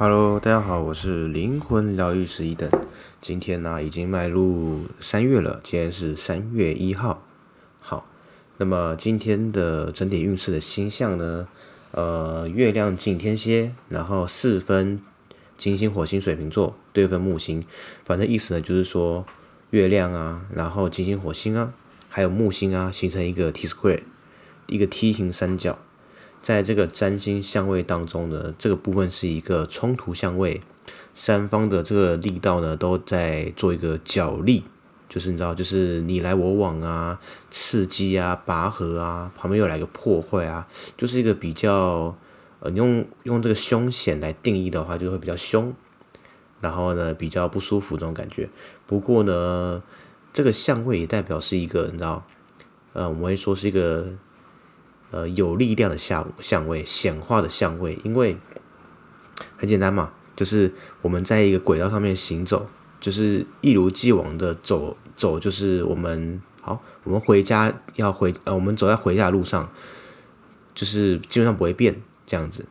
Hello，大家好，我是靈魂療癒師一等。今天呢、啊，已經邁入三月了，今天是三月一號。好，那麼今天的整體運勢的星象呢，呃，月亮進天蠍，然後四分金星、火星、水瓶座，對分木星。反正意思呢，就是說月亮啊，然後金星、火星啊，還有木星啊，形成一個 T square，一個 T 形三角。在這個占星相位當中呢，這個部分是一個衝突相位，三方的這個力道呢都在做一個角力，就是你知道，就是你來我往啊，刺激啊，拔河啊，旁邊又來個破壞啊，就是一個比較呃用用這個凶險來定義的話，就會比較凶，然後呢比較不舒服這種感覺。不過呢，這個相位也代表是一個你知道，呃，我們會說是一個。呃，有力量的相相位、顯化的相位，因為很簡單嘛，就是我們在一個軌道上面行走，就是一如既往的走走，就是我們好，我們回家要回，呃，我們走在回家的路上，就是基本上不會變這樣子。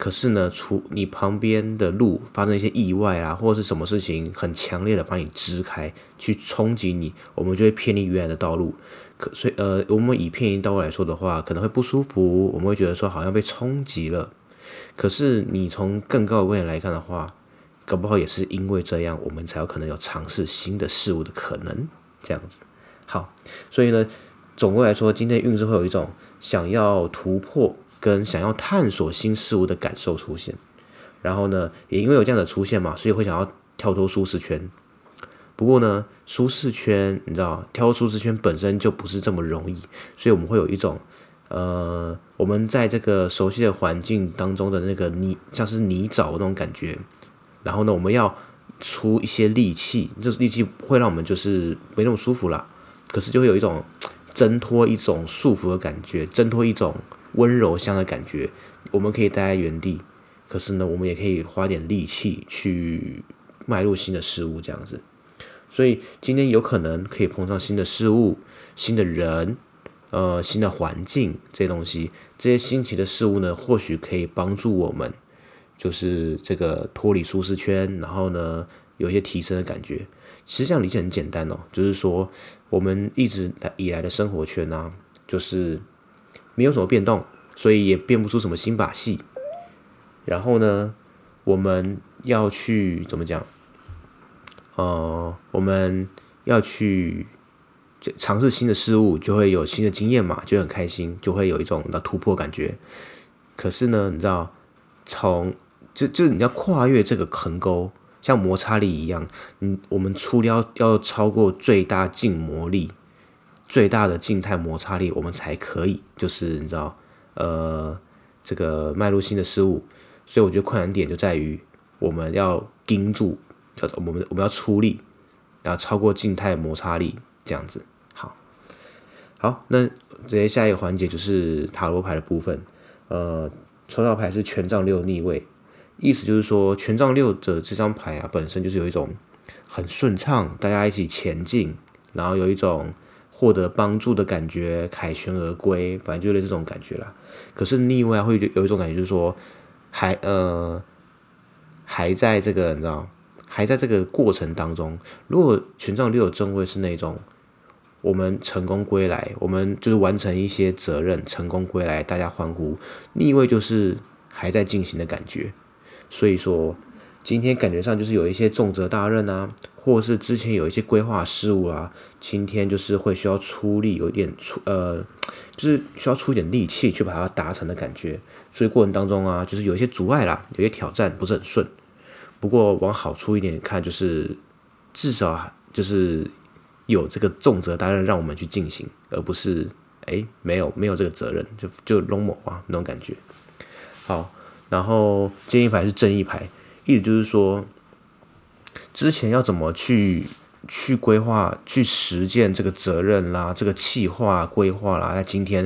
可是呢，除你旁邊的路發生一些意外啊，或是什麼事情很強烈的把你支開，去衝擊你，我們就會偏離原來的道路。可所以呃，我們以偏離道路來說的話，可能會不舒服，我們會覺得說好像被衝擊了。可是你從更高的觀點來看的話，搞不好也是因為這樣，我們才有可能有嘗試新的事物的可能。這樣子，好，所以呢，總歸來說，今天運勢會有一種想要突破，跟想要探索新事物的感受出現，然後呢，也因為有這樣的出現嘛，所以會想要跳脫舒適圈。不過呢，舒適圈你知道，跳舒適圈本身就不是這麼容易，所以我們會有一種呃，我們在這個熟悉的環境當中的那個泥，像是泥沼的那種感覺。然後呢，我們要出一些力氣，就是力氣會讓我們就是沒那麼舒服啦。可是就會有一種掙脫一種束縛的感覺，掙脫一種。溫柔鄉的感覺，我們可以待在原地，可是呢，我們也可以花點力氣去邁入新的事物，這樣子。所以今天有可能可以碰上新的事物、新的人、呃，新的環境這些東西。這些新奇的事物呢，或許可以幫助我們，就是這個脫離舒適圈，然後呢，有一些提升的感覺。其實這樣理解很簡單哦，就是說我們一直以來的生活圈呢、啊，就是。沒有什麼變動，所以也變不出什麼新把戲。然後呢，我們要去怎麼講？呃，我們要去就嘗試新的事物，就會有新的經驗嘛，就很開心，就會有一種的突破的感覺。可是呢，你知道，從就就是你要跨越這個橫溝，像摩擦力一樣，嗯，我們出了要，要超過最大靜摩力。最大的靜態摩擦力，我們才可以，就是你知道，呃，這個邁入新的事物。所以我覺得困難點就在於，我們要盯住，叫做我們我們要出力，然後超過靜態摩擦力，這樣子。好，好，那直接下一個環節就是塔羅牌的部分。呃，抽到牌是權杖六逆位，意思就是說權杖六的這張牌啊，本身就是有一種很順暢，大家一起前進，然後有一種。獲得幫助的感覺，凱旋而歸，反正就是這種感覺啦。可是逆位、啊、會有一種感覺，就是說還呃還在這個你知道嗎？還在這個過程當中。如果權杖六正位是那種我們成功歸來，我們就是完成一些責任，成功歸來，大家歡呼。逆位就是還在進行的感覺，所以說。今天感覺上就是有一些重責大任啊，或者是之前有一些規劃失誤啊，今天就是會需要出力有一點，有點出呃，就是需要出一點力氣去把它達成的感覺。所以過程當中啊，就是有一些阻礙啦，有一些挑戰，不是很順。不過往好處一點看，就是至少、啊、就是有這個重責大任讓我們去進行，而不是哎、欸、沒有沒有這個責任就就龍某啊那種感覺。好，然後建議牌是正義牌。意思就是說，之前要怎麼去去規劃、去實踐這個責任啦、這個企劃規劃啦？那今天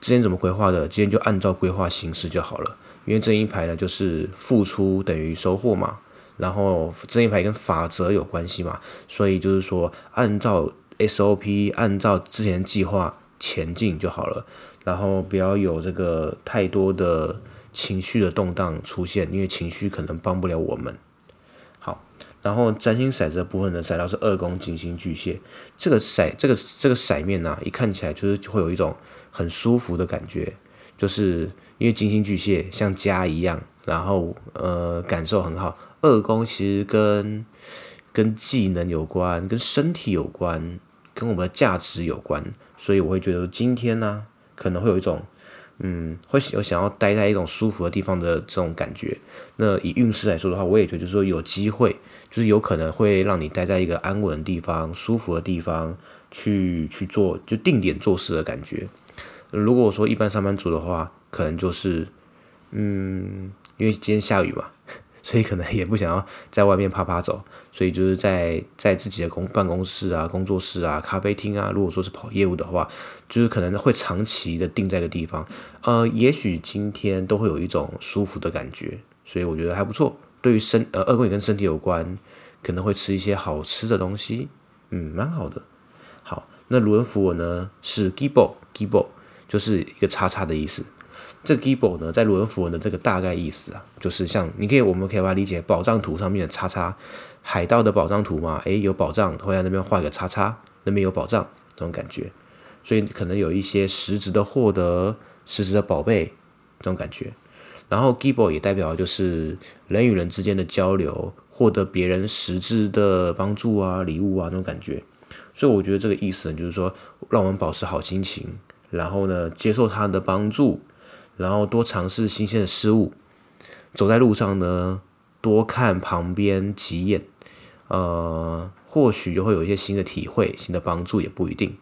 之前怎麼規劃的？今天就按照規劃行事就好了。因為這一排呢，就是付出等於收穫嘛。然後這一排跟法則有關係嘛，所以就是說，按照 SOP，按照之前計劃前進就好了。然後不要有這個太多的。情緒的動盪出現，因為情緒可能幫不了我們。好，然後占星骰子的部分的賽道是二宮金星巨蟹，這個骰這個這個骰面呢、啊，一看起來就是就會有一種很舒服的感覺，就是因為金星巨蟹像家一樣，然後呃感受很好。二宮其實跟跟技能有關，跟身體有關，跟我們的價值有關，所以我會覺得今天呢、啊、可能會有一種。嗯，會有想要待在一種舒服的地方的這種感覺。那以運勢來說的話，我也覺得就是說有機會，就是有可能會讓你待在一個安穩的地方、舒服的地方去去做，就定點做事的感覺。如果我說一般上班族的話，可能就是，嗯，因為今天下雨嘛。.所以可能也不想要在外面趴趴走，所以就是在在自己的公辦公室啊、工作室啊、咖啡廳啊。如果說是跑業務的話，就是可能會長期的定在一個地方。呃，也許今天都會有一種舒服的感覺，所以我覺得還不錯。對於身呃，二宮也跟身體有關，可能會吃一些好吃的東西，嗯，蠻好的。好，那盧恩符文呢是 gebo gebo，就是一個叉叉的意思。這個 Gebo 呢，在盧恩符文的這個大概意思啊，就是像你可以，我們可以把它理解寶藏圖上面的叉叉，海盜的寶藏圖嘛，誒，有寶藏，會在那邊畫一個叉叉，那邊有寶藏這種感覺，所以可能有一些實質的獲得、實質的寶貝這種感覺。然後 Gebo 也代表就是人與人之間的交流，獲得別人實質的幫助啊、禮物啊那種感覺。所以我覺得這個意思呢，就是說讓我們保持好心情，然後呢，接受他人的幫助。然後多嘗試新鮮的事物，走在路上呢，多看旁邊幾眼，呃，或許就會有一些新的體會，新的幫助也不一定。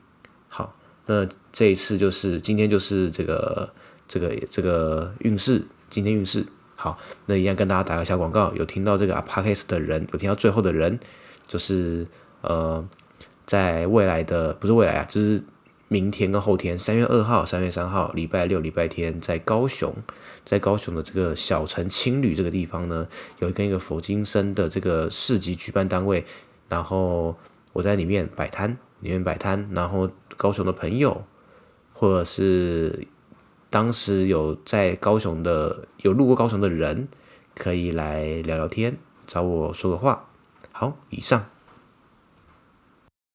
好，那這一次就是今天就是這個這個這個運勢，今天運勢好。那一樣跟大家打個小廣告，有聽到這個阿帕克斯的人，有聽到最後的人，就是呃，在未來的不是未來啊，就是。明天跟後天，三月二號、三月三號，禮拜六、禮拜天，在高雄，在高雄的這個小城青旅這個地方呢，有跟一,一個佛經生的這個市集舉辦單位，然後我在裡面擺攤，裡面擺攤，然後高雄的朋友或者是當時有在高雄的有路過高雄的人，可以來聊聊天，找我說個話。好，以上。